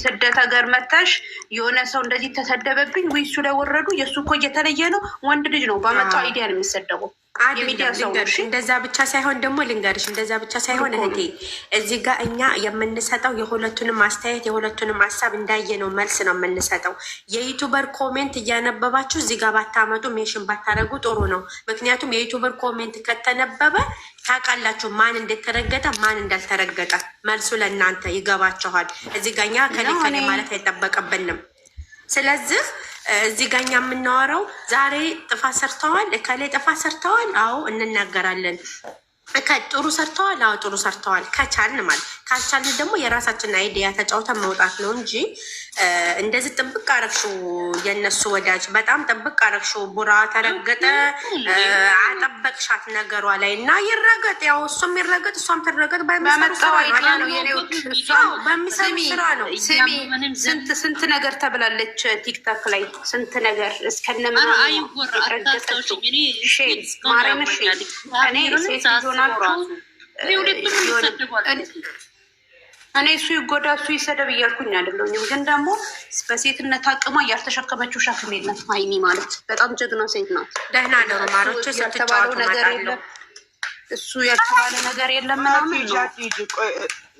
ስደት ሀገር መታሽ የሆነ ሰው እንደዚህ ተሰደበብኝ ወይ እሱ ላይ ወረዱ። የእሱ እኮ እየተለየ ነው። ወንድ ልጅ ነው በመጣው አይዲያ ነው የሚሰደበው። እንደዛ ብቻ ሳይሆን ደግሞ ልንገርሽ፣ እንደዛ ብቻ ሳይሆን እህቴ እዚህ ጋር እኛ የምንሰጠው የሁለቱንም አስተያየት የሁለቱንም ሀሳብ እንዳየነው መልስ ነው የምንሰጠው። የዩቱበር ኮሜንት እያነበባችሁ እዚህ ጋር ባታመጡ ሜሽን ባታደረጉ ጥሩ ነው። ምክንያቱም የዩቱበር ኮሜንት ከተነበበ ታውቃላችሁ ማን እንደተረገጠ ማን እንዳልተረገጠ፣ መልሱ ለእናንተ ይገባችኋል። እዚህ ጋር እኛ ከሌ ከሌ ማለት አይጠበቅብንም። ስለዚህ እዚህ ጋር እኛ የምናወራው ዛሬ ጥፋት ሰርተዋል፣ እከሌ ጥፋት ሰርተዋል፣ አዎ እንናገራለን። ጥሩ ሰርተዋል፣ አዎ ጥሩ ሰርተዋል፣ ከቻልን ማለት ካልቻልን ደግሞ የራሳችን አይዲያ ተጫውተን መውጣት ነው እንጂ እንደዚህ ጥብቅ አረግሽው። የነሱ ወዳጅ በጣም ጥብቅ አረግሽው። ቡራ ተረገጠ፣ አጠበቅሻት ነገሯ ላይ እና ይረገጥ፣ ያው እሱም ይረገጥ፣ እሷም ትረገጥ። በሚሰሩ ስራ ነው። ስንት ስንት ነገር ተብላለች ቲክታክ ላይ ስንት ነገር እስከነምረገጠችማረምሽ እኔ ሴት ሆናችሁ እኔ እሱ ይጎዳ እሱ ይሰደብ እያልኩኝ አይደለሁም። ግን ደግሞ በሴትነት አቅሟ ያልተሸከመችው ሸክም የለም። ሀይሚ ማለት በጣም ጀግና ሴት ናት። ደህና ነው ማሮች ያልተባለው ነገር የለም እሱ ያልተባለ ነገር የለም ምናምን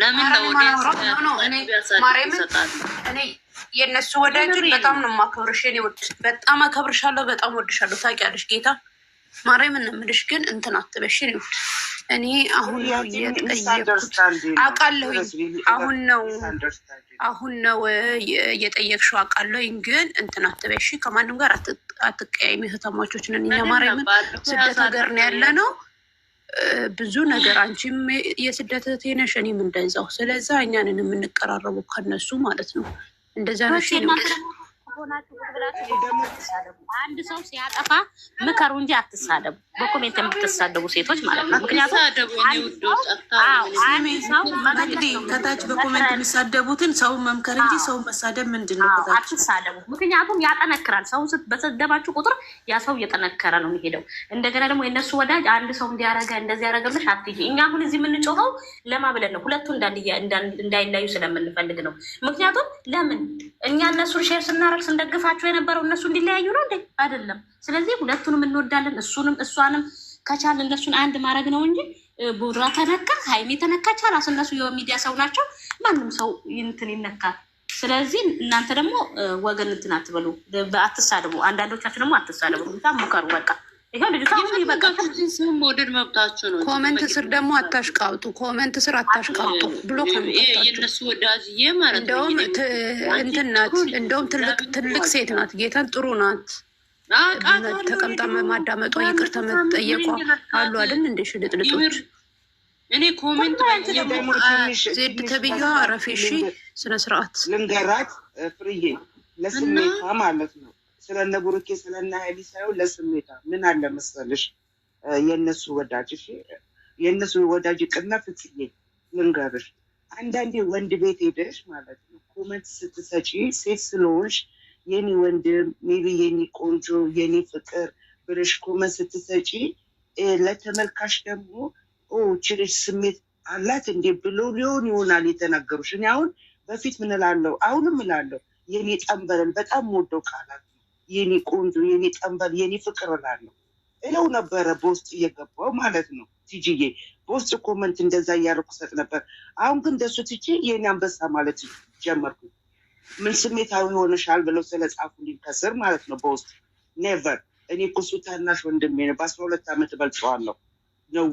ለምን የእነሱ በጣም ነው የማከብርሽ። እኔ ወድ በጣም አከብርሻለሁ፣ በጣም ወድሻለሁ። ታውቂያለሽ ጌታ ግን እንትን አትበሽ። እኔ ወድ እኔ አሁን ነው አውቃለሁኝ። አሁን ነው አሁን ነው የጠየቅሽው አውቃለሁኝ። ግን እንትን አትበሽ። ከማንም ጋር አትቀያይም። የተማቾችን እኛ ማርያምን ስደት ሀገር ነው ያለ ነው ብዙ ነገር አንቺም የስደት ነሽ፣ እኔም እንደዛው። ስለዛ እኛንን የምንቀራረቡ ከነሱ ማለት ነው እንደዛ ነሽ አንድ ሰው ሲያጠፋ ምከሩ እንጂ አትሳደቡ። በኮሜንት የምትሳደቡ ሴቶች ማለት ነው። ምክንያቱም ከታች በኮሜንት የሚሳደቡትን ሰውን መምከር እንጂ ሰው መሳደብ ምንድን ነው? አትሳደቡ። ምክንያቱም ያጠነክራል። ሰው በሰደባችሁ ቁጥር ያ ሰው እየጠነከረ ነው የሚሄደው። እንደገና ደግሞ የእነሱ ወዳጅ አንድ ሰው እንዲያረገ እንደዚህ ያረገ ብለሽ አትይ። እኛ አሁን እዚህ የምንጮኸው ለማ ብለን ነው፣ ሁለቱ እንዳይለዩ ስለምንፈልግ ነው። ምክንያቱም ለምን እኛ እነሱን ሼር ስናረግ ደግፋቸው የነበረው እነሱ እንዲለያዩ ነው እንዴ? አይደለም። ስለዚህ ሁለቱንም እንወዳለን። እሱንም እሷንም ከቻል እነሱን አንድ ማድረግ ነው እንጂ ቡድራ ተነካ፣ ሀይሜ ተነካች፣ ራስ እነሱ የሚዲያ ሰው ናቸው። ማንም ሰው እንትን ይነካል። ስለዚህ እናንተ ደግሞ ወገን እንትን አትበሉ፣ አትሳድቡ። አንዳንዶቻችሁ ደግሞ አትሳድቡ፣ ሙከሩ በቃ ሰው መውደድ መብታቸው ነው። ኮመንት ስር ደግሞ አታሽቃብጡ፣ ኮመንት ስር አታሽቃብጡ ብሎ የነሱ ወዳጅዬ ማለት እንደውም እንትን ናት፣ እንደውም ትልቅ ትልቅ ሴት ናት፣ ጌታን ጥሩ ናት። ተቀምጣ ማዳመጧ ይቅርታ መጠየቋ አሉ አይደል እንደ ሽልጥልጡ እኔ ኮሜንት ዜድ ተብያ ስነ ስርዓት ልንገራት ፍርዬ ለስሜታ ማለት ነው ስለነ ቡሩኬ ስለነ ሀይሊ ሳይሆን ለስሜታ ምን አለ መሰልሽ የእነሱ ወዳጅ የእነሱ ወዳጅ ቅና ፍትዬ ልንገርሽ፣ አንዳንዴ ወንድ ቤት ሄደሽ ማለት ነው ኮመንት ስትሰጪ ሴት ስለሆንሽ የኔ ወንድም ሜቢ የኔ ቆንጆ የኔ ፍቅር ብለሽ ኮመንት ስትሰጪ ለተመልካች ደግሞ ችልሽ ስሜት አላት እንዴ ብሎ ሊሆን ይሆናል የተናገሩሽ። እኔ አሁን በፊት ምንላለው አሁንም ምላለው የኔ ጠንበረን በጣም ወደው ቃላት የኔ ቆንጆ፣ የኔ ጠንበል፣ የኔ ፍቅር እላለሁ እለው ነበረ በውስጥ እየገባው ማለት ነው። ቲጂዬ በውስጥ ኮመንት እንደዛ እያደረኩ ሰጥ ነበር። አሁን ግን እንደሱ ትቼ የኔ አንበሳ ማለት ጀመርኩ። ምን ስሜታዊ ሆነሻል ብለው ስለጻፉልኝ ከስር ማለት ነው በውስጥ ኔቨር። እኔ ኩሱ ታናሽ ወንድሜ ነው፣ በአስራ ሁለት ዓመት በልጸዋለሁ ነው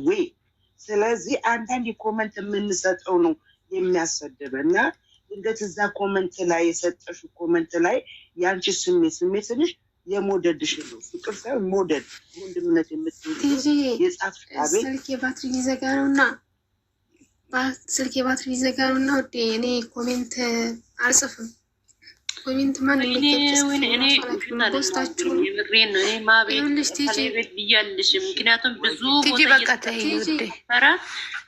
ስለዚህ አንዳንድ ኮመንት የምንሰጠው ነው የሚያሰድበ እና እንደት እዛ ኮመንት ላይ የሰጠሹ ኮመንት ላይ ያንቺ ስሜት ስሜት ስልሽ የሞደድሽ ነው ፍቅር ሳይሆን ሞደድ ወንድምነት የምትይዝ የጻፍ ስልክ የባትሪ ሊዘጋ ነው እና ስልክ የባትሪ ሊዘጋ ነው እና ውዴ እኔ ኮሜንት አልጽፍም። ኮሜንት ምክንያቱም ብዙ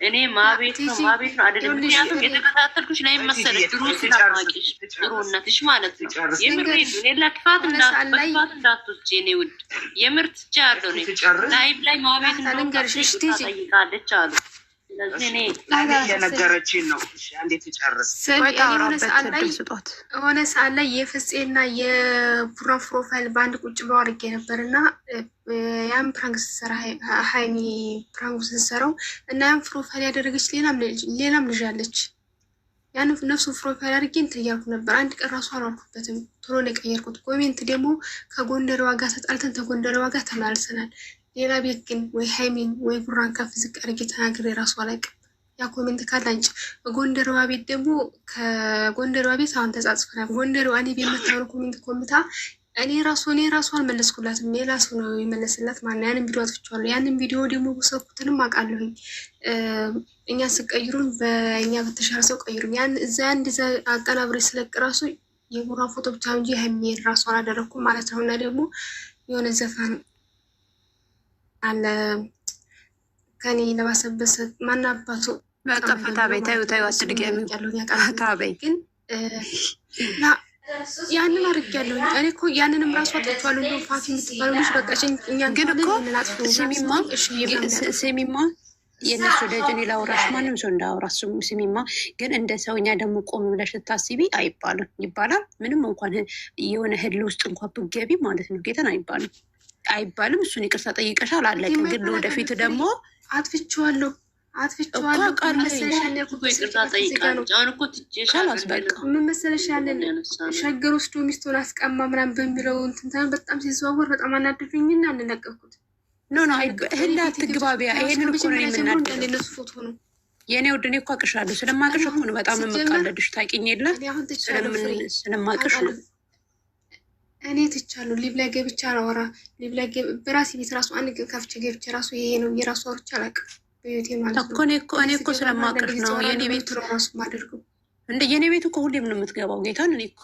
እኔ ማቤት ነው ማቤት ነው አይደለም። ምክንያቱም የተከታተልኩሽ ላይ መሰለሽ ድሮ ስለማውቂሽ ጥሩነትሽ ማለት ነው። የምር ለክፋት እንዳትፋት እንዳትወስጂ እኔ ውድ የምር ትቻ ያለው ላይቭ ላይ ማቤት ነው አሉ የሆነ ነው። ሰዓት ላይ የፍፄና የቡራ ፕሮፋይል በአንድ ቁጭ ብለው አድርጌ ነበር እና ያን ፕራንክ ስትሰራ ሀይሚ ፕራንክ ስትሰራው እና ያን ፕሮፋይል ያደረገች ሌላም ልጅ አለች። ያን ነፍሱ ፕሮፋይል አድርጌ እንትን እያልኩ ነበር። አንድ ቀን ራሱ አላልኩበትም። ቶሎ ነው የቀየርኩት። ኮሜንት ደግሞ ከጎንደር ዋጋ ተጣልተን ተጎንደሬዋ ዋጋ ተመላልሰናል። ሌላ ቤት ግን ወይ ሃይሚን ወይ ቡራን ከፍ ዝቅ አድርጌ ተናግሬ የራሱ አላውቅም። ያ ኮሜንት ካላንጭ አንቺ ጎንደርዋ ቤት ደግሞ ከጎንደርዋ ቤት አሁን ተጻጽፈናል። ጎንደርዋ እኔ ቤት መታወሩ ኮሜንት ኮምታ እኔ ራሱ እኔ ራሱ አልመለስኩላትም። ሌላ ሰው ነው የመለስላት። ማን ያንን ቪዲዮ አጥፍቼዋለሁ። ያንን ቪዲዮ ደግሞ ሰኩትንም አውቃለሁኝ። እኛ ስቀይሩን በእኛ በተሻለ ሰው ቀይሩኝ። ያን እዛ አንድ ዛ አቀናብሬ ስለቅ ራሱ የቡራ ፎቶ ብቻ እንጂ ሀይሚን ራሱ አላደረግኩም ማለት ነው እና ደግሞ የሆነ ዘፋ ነው አለ ከኔ ለባሰበሰ ማናባቱ በቃ ፈታ በይ ታዩ ታዩ አትድገሚ ግን ያንን አርግ ያለው እኔ እኮ ያንንም ራሱ አጥቷል። ሁሉ ፋት የምትባለች በቃ ግን እኮ ስሚማ ስሚማ የእነሱ ደጅን ላውራሽ ማንም ሰው እንዳውራሽ ስሚማ። ግን እንደ ሰውኛ ደግሞ ቆም ብለሽ ስታስቢ አይባልም። ይባላል ምንም እንኳን የሆነ ህል ውስጥ እንኳን ብገቢ ማለት ነው ጌተን አይባልም። አይባልም። እሱን ይቅርታ ጠይቀሻል፣ አለቀ። ግን ወደፊት ደግሞ አጥፍቼዋለሁ አጥፍቼዋለሁ መሰለሽ ያንን ሸገር ወስዶ ሚስቶን አስቀማ ምናምን በሚለው እንትን በጣም ሲዘዋወር በጣም አናደዱኝና እንነቀኩት። ኖ ኖ ህላ ትግባቢያ ይሄንን እኮ ነው የምናደነሱ ፎቶ ነው የእኔ ውድ እኔ እኮ አቅሻለሁ። ስለማቅሽ እኮ ነው በጣም የምቃለድሽ ታውቂኝ የለ ስለማቅሽ ነው እኔ ትቻለሁ ሊብ ላይ ገብቼ አላወራ ሊብ ላይ በራሴ ቤት ራሱ አንድ ቀን ከፍቼ ገብቼ ራሱ ይሄ ነው የራሱ አውርቼ አላውቅም። በዩቴ ነው እኔ እኮ ስለማቅር ነው የኔ ቤት ራሱ ማደርገው እንደ የኔ እኮ ሁሌም ነው የምትገባው። ጌታን እኔ እኮ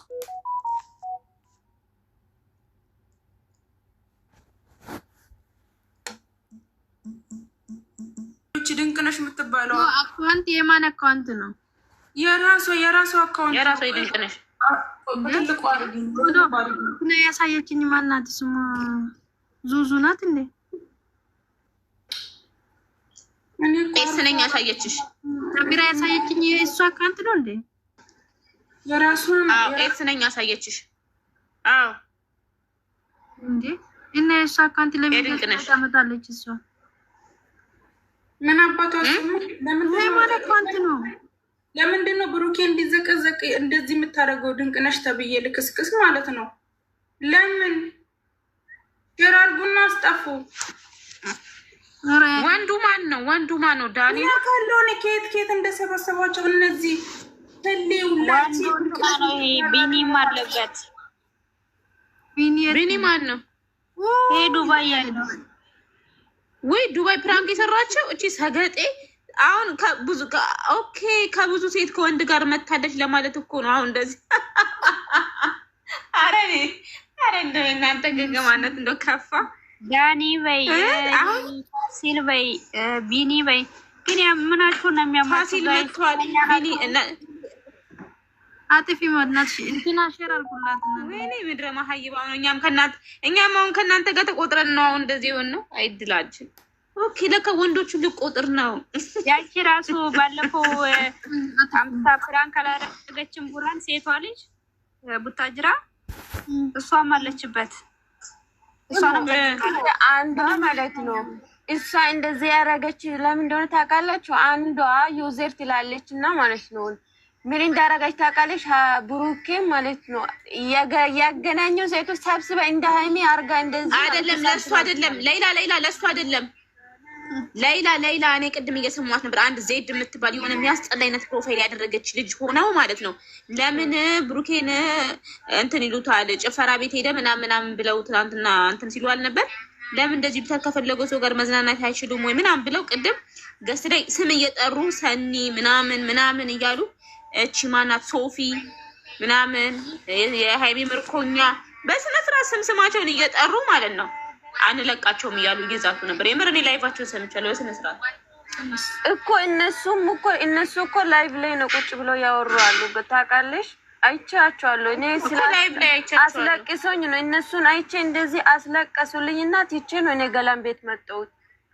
ድንቅ ነሽ የምትባለው አካውንት የማን አካውንት ነው? የራሷ የራሷ አካውንት የራሷ ድንቅ ነሽ ነው ያሳየችኝ። ማናት ስሟ? ዙዙ ናት እንዴ? ስለኛ ያሳየችሽ ካሜራ ያሳየችኝ የእሱ አካንት ነው እንዴ? የራሱን ስለኛ ያሳየችሽ አዎ። እንዴ እና የእሱ አካንት ለሚመጣለች እሷ ምን አባቷ ማለት ነው። ለምንድን ነው ብሩኬ እንዲዘቀዘቅ እንደዚህ የምታደርገው? ድንቅነሽ ተብዬ ልክስክስ ማለት ነው። ለምን ጀራርድ ቡና አስጠፉ? ወንዱ ማን ነው? ወንዱ ማን ነው? ዳኒ ካለሆነ ኬት ኬት እንደሰበሰቧቸው እነዚህ ቢኒ ማን ነው? ዱባይ ያለው ወይ ዱባይ ፕራንክ የሰራቸው እቺ ሰገጤ አሁን ብዙ ኦኬ፣ ከብዙ ሴት ከወንድ ጋር መታለች ለማለት እኮ ነው። አሁን እንደዚህ አረ እንደው እናንተ ገገማነት እንደው ከፋ። ዳኒ በይ ፋሲል በይ ቢኒ በይ ግን ምናችሁ ነው የሚያማችሁ? ፋሲል መጥቷል። አጥፊ መድናት እንትና ሸር አድርጉላት። ወይኔ ምድረ ማሀይባ ነው። እኛም ከእናንተ እኛም አሁን ከእናንተ ጋር ተቆጥረን ነው አሁን እንደዚህ ሆን ነው። አይድላችን ኦኬ፣ ለካ ወንዶቹ ልቆጥር ነው። ያቺ ራሱ ባለፈው አምሳ ፕራንክ አላደረገችም ቡራን ሴቷ ልጅ ቡታጅራ እሷም አለችበት። አንዷ ማለት ነው እሷ እንደዚህ ያደረገች ለምን እንደሆነ ታውቃላችሁ? አንዷ ዩዘር ትላለች እና ማለት ነው ምን እንዳደረገች ታውቃለች? ብሩኬ ማለት ነው ያገናኘው ሴቶች ሰብስበ እንደ ሀይሚ አርጋ እንደዚህ አይደለም፣ ለእሱ አይደለም፣ ሌላ ሌላ ለእሱ አይደለም ሌላ ሌላ እኔ ቅድም እየሰማት ነበር። አንድ ዜድ የምትባል የሆነ የሚያስጠላ አይነት ፕሮፋይል ያደረገች ልጅ ሆነው ማለት ነው። ለምን ብሩኬን እንትን ይሉታል ጭፈራ ቤት ሄደ ምናምን ምናምን ብለው ትናንትና እንትን ሲሉ አልነበር? ለምን እንደዚህ ብታ ከፈለገው ሰው ጋር መዝናናት አይችሉም ወይ ምናምን ብለው ቅድም ገስት ላይ ስም እየጠሩ ሰኒ ምናምን ምናምን እያሉ እቺ ማናት ሶፊ ምናምን የሃይሚ ምርኮኛ በስነ ስርዓት ስም ስማቸውን እየጠሩ ማለት ነው አንለቃቸውም እያሉ እየዛቱ ነበር። የምር እኔ ላይቫቸው ሰምቻለሁ። በስነ ስርዓት እኮ እነሱም እኮ እነሱ እኮ ላይቭ ላይ ነው ቁጭ ብለው ያወሩ አሉ። ታውቃለሽ አይቻቸዋለሁ። እኔ አስለቅሶኝ ነው እነሱን አይቼ እንደዚህ አስለቀሱልኝና ትቼ ነው እኔ ገላን ቤት መጠውት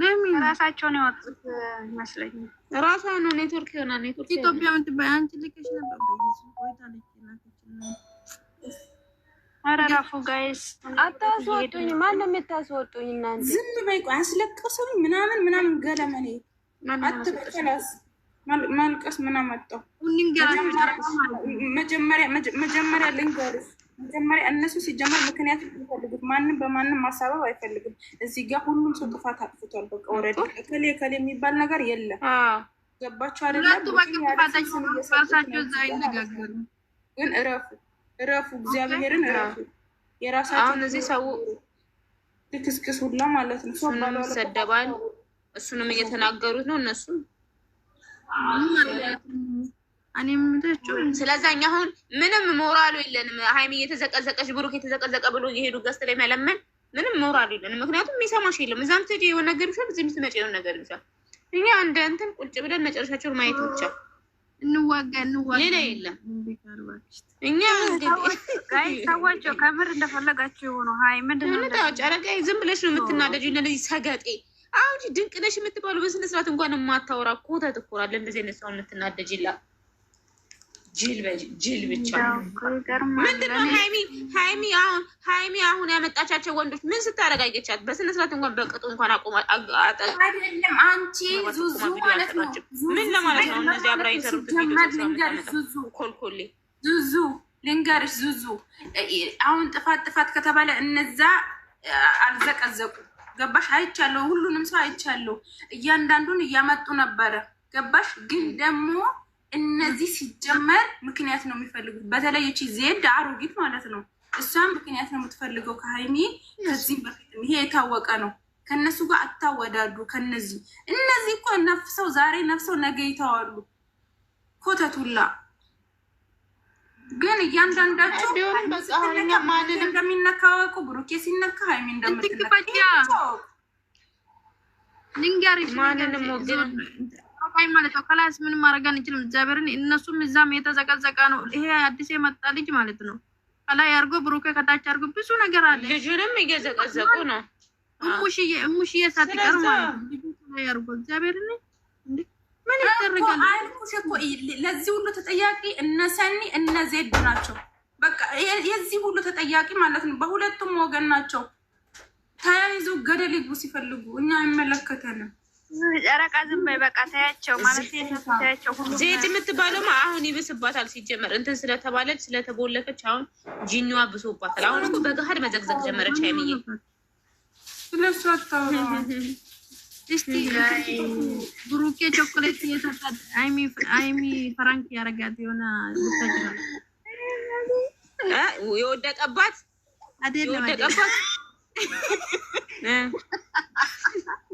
ለምን ራሳቸውን ያወጡት ይመስለኛል። ራሷ ነው ኔትወርክ ይሆናል። ኔትወርክ ኢትዮጵያ ምትባይ አንቺ ልክሽ ነበር። አረራፉ ጋይስ አታስወጡኝ። ማን ነው የምታስወጡኝ እናንተ? ዝም በይ ቆይ፣ አስለቀሱኝ ምናምን ምናምን ገለመኔ አትበቀላስ ማልቀስ ምናምን አጣው። መጀመሪያ መጀመሪያ ልንገርሽ መጀመሪያ እነሱ ሲጀመር ምክንያት የሚፈልጉት ማንም በማንም ማሳበብ አይፈልግም። እዚህ ጋር ሁሉም ሰው ጥፋት አጥፍቷል። በቃ ወረደ እከሌ እከሌ የሚባል ነገር የለም። ገባቸው አይደለም? ግን እረፉ እረፉ፣ እግዚአብሔርን እረፉ። የራሳቸውን እዚህ ሰው ልክስክስ ሁላ ማለት ነው። እሱንም ይሰደባል፣ እሱንም እየተናገሩት ነው እነሱ እኔ የምታችሁ ስለዛ አሁን ምንም ሞራሉ የለንም። ሀይሚ እየተዘቀዘቀች ብሩክ የተዘቀዘቀ ብሎ እየሄዱ ገዝት ላይ መለመን ምንም ሞራሉ የለንም። ምክንያቱም የሚሰማሽ የለም። እዛም ትሄጂ የሆነ ነገር ይሻል፣ እዚህ የምትመጪ የሆነ ነገር ይሻል። እኛ እንደ እንትን ቁጭ ብለን መጨረሻቸውን ማየት ብቻ እንዋጋ እንዋጋ፣ ሌላ የለም። እኛ ታዋቸው ከምር እንደፈለጋቸው የሆኑ ሀይ ምንድን ታዋጭ ዝም ብለሽ ነው የምትናደጅ እንደዚህ ሰገጤ አሁን ድንቅ ነሽ የምትባሉ በስነ ስርዓት እንኳን የማታወራ ኮተት እኮ እንደዚህ አይነት ሰው የምትናደጅላት ጅል ብቻ ሀይሚ ሀይሚ አሁን ሀይሚ አሁን ያመጣቻቸው ወንዶች ምን ስታረጋገቻት? በስነ ስርዓት እንኳን በቅጡ እንኳን አቁማ አይደለም። አንቺ ዙዙ ማለት ነው። ምን ለማለት ነው? እነዚህ አብራ ኮልኮሌ ዙዙ ልንገርሽ፣ ዙዙ አሁን ጥፋት ጥፋት ከተባለ እነዛ አልዘቀዘቁ ገባሽ? አይቻለሁ፣ ሁሉንም ሰው አይቻለሁ። እያንዳንዱን እያመጡ ነበረ ገባሽ? ግን ደግሞ እነዚህ ሲጀመር ምክንያት ነው የሚፈልጉት። በተለይ ቺ ዜድ አሮጊት ማለት ነው፣ እሷም ምክንያት ነው የምትፈልገው ከሀይሚ ከዚህ በፊት ይሄ የታወቀ ነው። ከነሱ ጋር አታወዳዱ። ከነዚህ እነዚህ እኮ ነፍሰው ዛሬ ነፍሰው ነገ ይተዋሉ። ኮተቱላ ግን እያንዳንዳቸው እንደሚነካወቁ ብሩኬ ሲነካ ሀይሚ እንደምትነካ ማንንም ወገን አቋኝ ማለት ነው። ከላስ ምንም ማድረግ አንችልም። እግዚአብሔርን እነሱም እዛም የተዘቀዘቀ ነው። ይሄ አዲስ የመጣ ልጅ ማለት ነው። ከላይ አርጎ ብሩኬ ከታች አርጎ ብዙ ነገር አለ። ልጁንም እየዘቀዘቁ ነው። እሙሽዬ እሙሽዬ ሳትቀር ማለት ያርጎ እግዚአብሔርን ምን ይደረጋል? አልሙሽ እኮ ለዚህ ሁሉ ተጠያቂ እነ ሰኒ እነ ዜድ ናቸው። በቃ የዚህ ሁሉ ተጠያቂ ማለት ነው። በሁለቱም ወገን ናቸው። ተያይዞ ገደል ይግቡ ሲፈልጉ፣ እኛ አይመለከተንም። ጨረቃ ዝም በይ በቃ ታያቸው ማለት ታያቸው። ዜድ የምትባለው አሁን ይብስባታል። ሲጀመር እንትን ስለተባለች ስለተቦለከች አሁን ጂኒዋ ብሶባታል። አሁን እኮ በገሀድ መዘግዘግ ጀመረች። አይምዬ እስቲ ብሩኬ ቾኮሌት እየሰጣት አይሚ ፈራንክ ያደረጋት የሆነ የወደቀባት የወደቀባት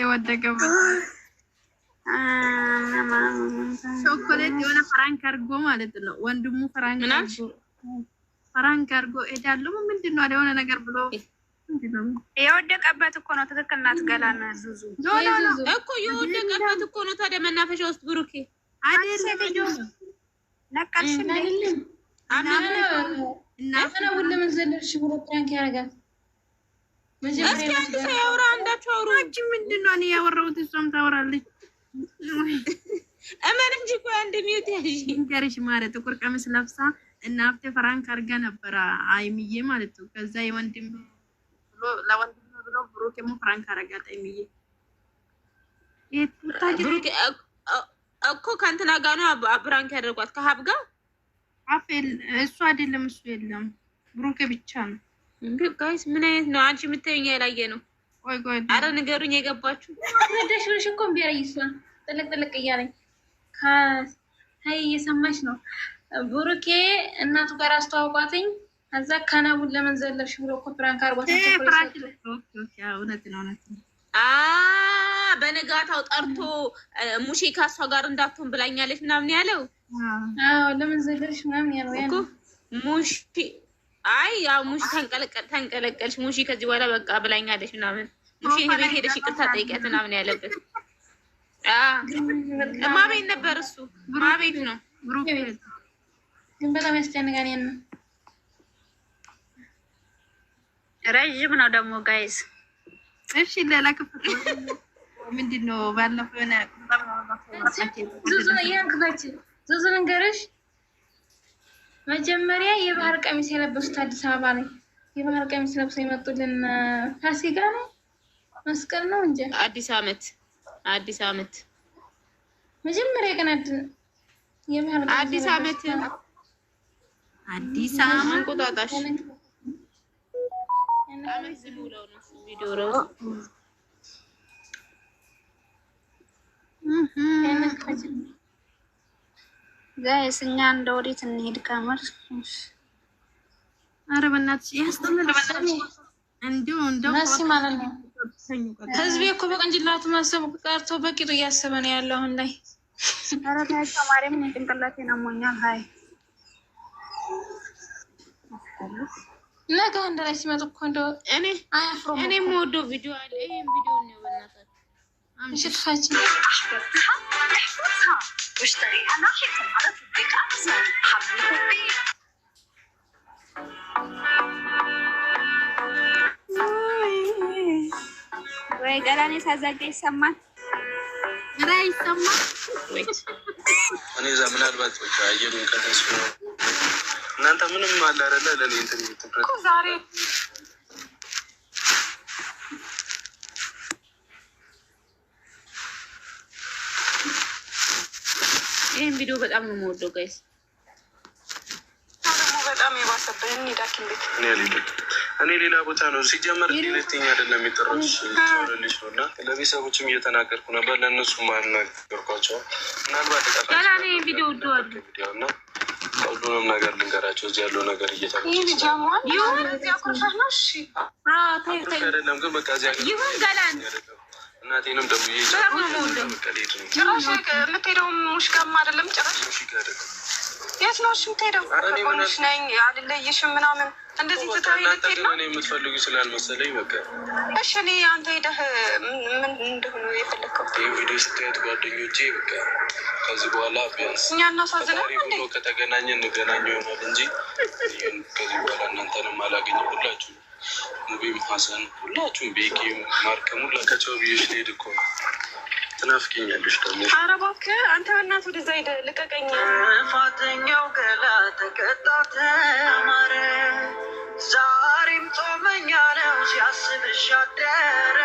የወደቀበት ቾኮሌት የሆነ ፈራንክ አድርጎ ማለት ነው። ወንድሙ ፈራንክ አድርጎ እሄዳለሁ ምንድን ነው የሆነ ነገር ብሎ የወደቀበት እኮ ነው። ትክክል ናት። ገላና ዙዙ እኮ የወደቀበት እኮ ነው። ታዲያ መናፈሻ ውስጥ ብሩኬ ነቀልሽ እና ሁለምን ዘለሽ ብሎ ፍራንክ ያደርጋል እስኪ ያውራ፣ አንዳችሁ አውሩ። አንቺ ምንድን ነው እኔ ያወራሁት? እሷም ታወራለች። እመን እንጂ እኮ አንድ ሚዩት ያዥ ንገርሽ ማለት ጥቁር ቀሚስ ለብሳ እና ሀብቴ ፈራንክ አድርጋ ነበረ አይምዬ ማለት ነው። ከዛ የወንድም ብሎ ለወንድም ብሎ ብሩክ ሞ ፈራንክ አረጋት አይምዬ ብሩክ እኮ ከእንትና ጋ ነው ያደርጓት ከሀብ ጋር እሱ አይደለም እሱ የለም ብሩክ ብቻ ነው ጋይስ ምን አይነት ነው? አንቺ የምታዩኝ ያላየ ነው። አረ ንገሩኝ፣ የገባችሁ ደሽ ብለሽ እኮ እምቢ አለኝ። እሷን ጥልቅ ጥልቅ እያለኝ ሀይ እየሰማች ነው። ብሩኬ እናቱ ጋር አስተዋውቋትኝ። ከዛ ከናቡን ለምን ዘለብሽ ብሎ እኮ ፕራንክ አርጓት። በነጋታው ጠርቶ ሙሼ ከሷ ጋር እንዳትሆን ብላኛለች ምናምን ያለው ለምን ዘለብሽ ምናምን ያለው ሙሼ አይ ያው ሙሽ ተንቀለቀልሽ፣ ሙሽ ከዚህ በኋላ በቃ ብላኛለሽ ምናምን፣ ሙሽ ይሄ ቤት ሄደሽ ይቅርታ ጠይቀት ምናምን ያለበት ማቤት ነበር። እሱ ማቤት ነው፣ ግን በጣም ያስጨንቃል። ያን ረዥም ነው ደግሞ ጋይዝ። እሺ ሌላ ክፍል ምንድን ነው? ባለፈው ሆነ ዙዙ ይህን ክፈች ዙዙ ልንገርሽ መጀመሪያ የባህር ቀሚስ የለበሱት አዲስ አበባ ላይ የባህር ቀሚስ ለብሰው የመጡልን ፋሲካ ነው መስቀል ነው እንጂ አዲስ አመት አዲስ አመት መጀመሪያ ቀን አዲስ አመት አዲስ አመት ቁጣጣሽ አመት ጋይስ እኛ እንደ ወዴት እንሄድ? ከምር ኧረ በእናትሽ ያስተምር ህዝቤ እኮ በቅንጭላቱ ማሰብ ቀርቶ በቂጡ እያሰበ ነው ያለው አሁን ላይ። ኧረ ተያቸው ማርያምን የጭንቅላቴን አሞኛል። ሀይ ነገ አንድ ላይ ሲመጡ እኮ እንደው እኔ እኔ የምወደው ቪዲዮ አለ። ይህም ቪዲዮ ነው በእናትህ ወይ ገላኔ ሳዛጋ ይሰማል። እኔ እዛ ምናልባት በቃ አየሩን ቀጠስ እናንተ ምንም አለ አይደለ ለእኔ እንትን ትኩረት ይህን ቪዲዮ በጣም ነው የምወደው ጋይስ። እኔ ሌላ ቦታ ነው ሲጀመር ሌለተኛ አይደለም የሚጠራሽ ነው እና ለቤተሰቦችም እየተናገርኩ ነበር። ለእነሱ አልነገርኳቸውም። ምናልባት ሁሉንም ነገር ልንገራቸው እዚህ ያለው ነገር እየተናገርኩ ነው። ግን በቃ እዚህ እናቴንም ደሞ ጭራሽ ሙሽ ጋርማ አይደለም። ጭራሽ የት ነው የምትሄደው? ከጎንሽ ነኝ አልለይሽም ምናምን እንደዚህ ትታዊ ልትሄድ ነው። የምትፈልጉ ስላልመሰለኝ በቃ እሺ። እኔ አንተ ሄደህ ምን እንደሆነ የፈለግከው ቪዲዮ ስታየት ጓደኞቼ በቃ ከዚህ በኋላ ቢያንስ እኛ እናሳዝናል ከተገናኘ እንገናኘ ይሆናል እንጂ ከዚህ በኋላ እናንተንም አላገኝም ሁላችሁ ሙቢም ሀሰን ሁላችሁም ቤኪ ማርከም ሁላቸው ብዬሽ ልሄድ እኮ ትናፍቂኛለሽ። ደግሞ ኧረ እባክህ አንተ በእናትህ ወደዛ ሄደህ ልቀቀኝ። ጥፋተኛው ገላ ተቀጣ ተማረ። ዛሬም ጾመኛ ነው ሲያስብሽ አደረ።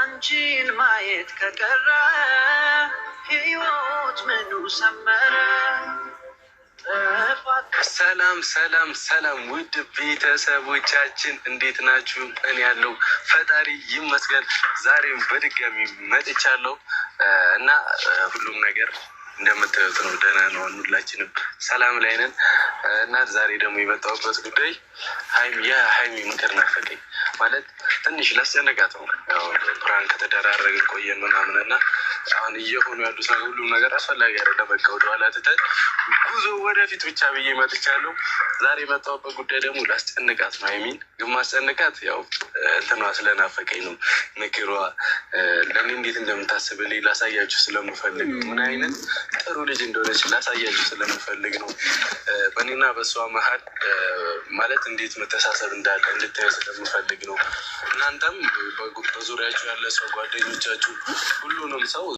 አንቺን ማየት ከቀረ ህይወት ምኑ ሰመረ። ሰላም ሰላም ሰላም፣ ውድ ቤተሰቦቻችን እንዴት ናችሁ? እኔ ያለው ፈጣሪ ይመስገን ዛሬም በድጋሚ መጥቻለሁ እና ሁሉም ነገር እንደምታዩት ነው። ደህና ነው፣ ሁላችንም ሰላም ላይ ነን እና ዛሬ ደግሞ የመጣሁበት ጉዳይ የሀይሚ ምክር ናፈቀኝ። ማለት ትንሽ ላስጨነቃት ነው። ፕራንክ ከተደራረግ ቆየን ምናምን እና አሁን እየሆኑ ያሉት ሁሉም ነገር አስፈላጊ አይደለም። በቃ ወደኋላ ትተን ጉዞ ወደፊት ብቻ ብዬ መጥቻለሁ። ዛሬ የመጣሁበት ጉዳይ ደግሞ ላስጨንቃት ነው የሚል ግን ማስጨንቃት ያው እንትኗ ስለናፈቀኝ ነው። ምክሯ ለእኔ እንዴት እንደምታስብልኝ ላሳያችሁ ስለምፈልግ ነው። ምን አይነት ጥሩ ልጅ እንደሆነች ላሳያችሁ ስለምፈልግ ነው። በእኔና በእሷ መሀል ማለት እንዴት መተሳሰብ እንዳለ እንድታዩ ስለምፈልግ ነው። እናንተም በዙሪያችሁ ያለ ሰው ጓደኞቻችሁ፣ ሁሉንም ሰው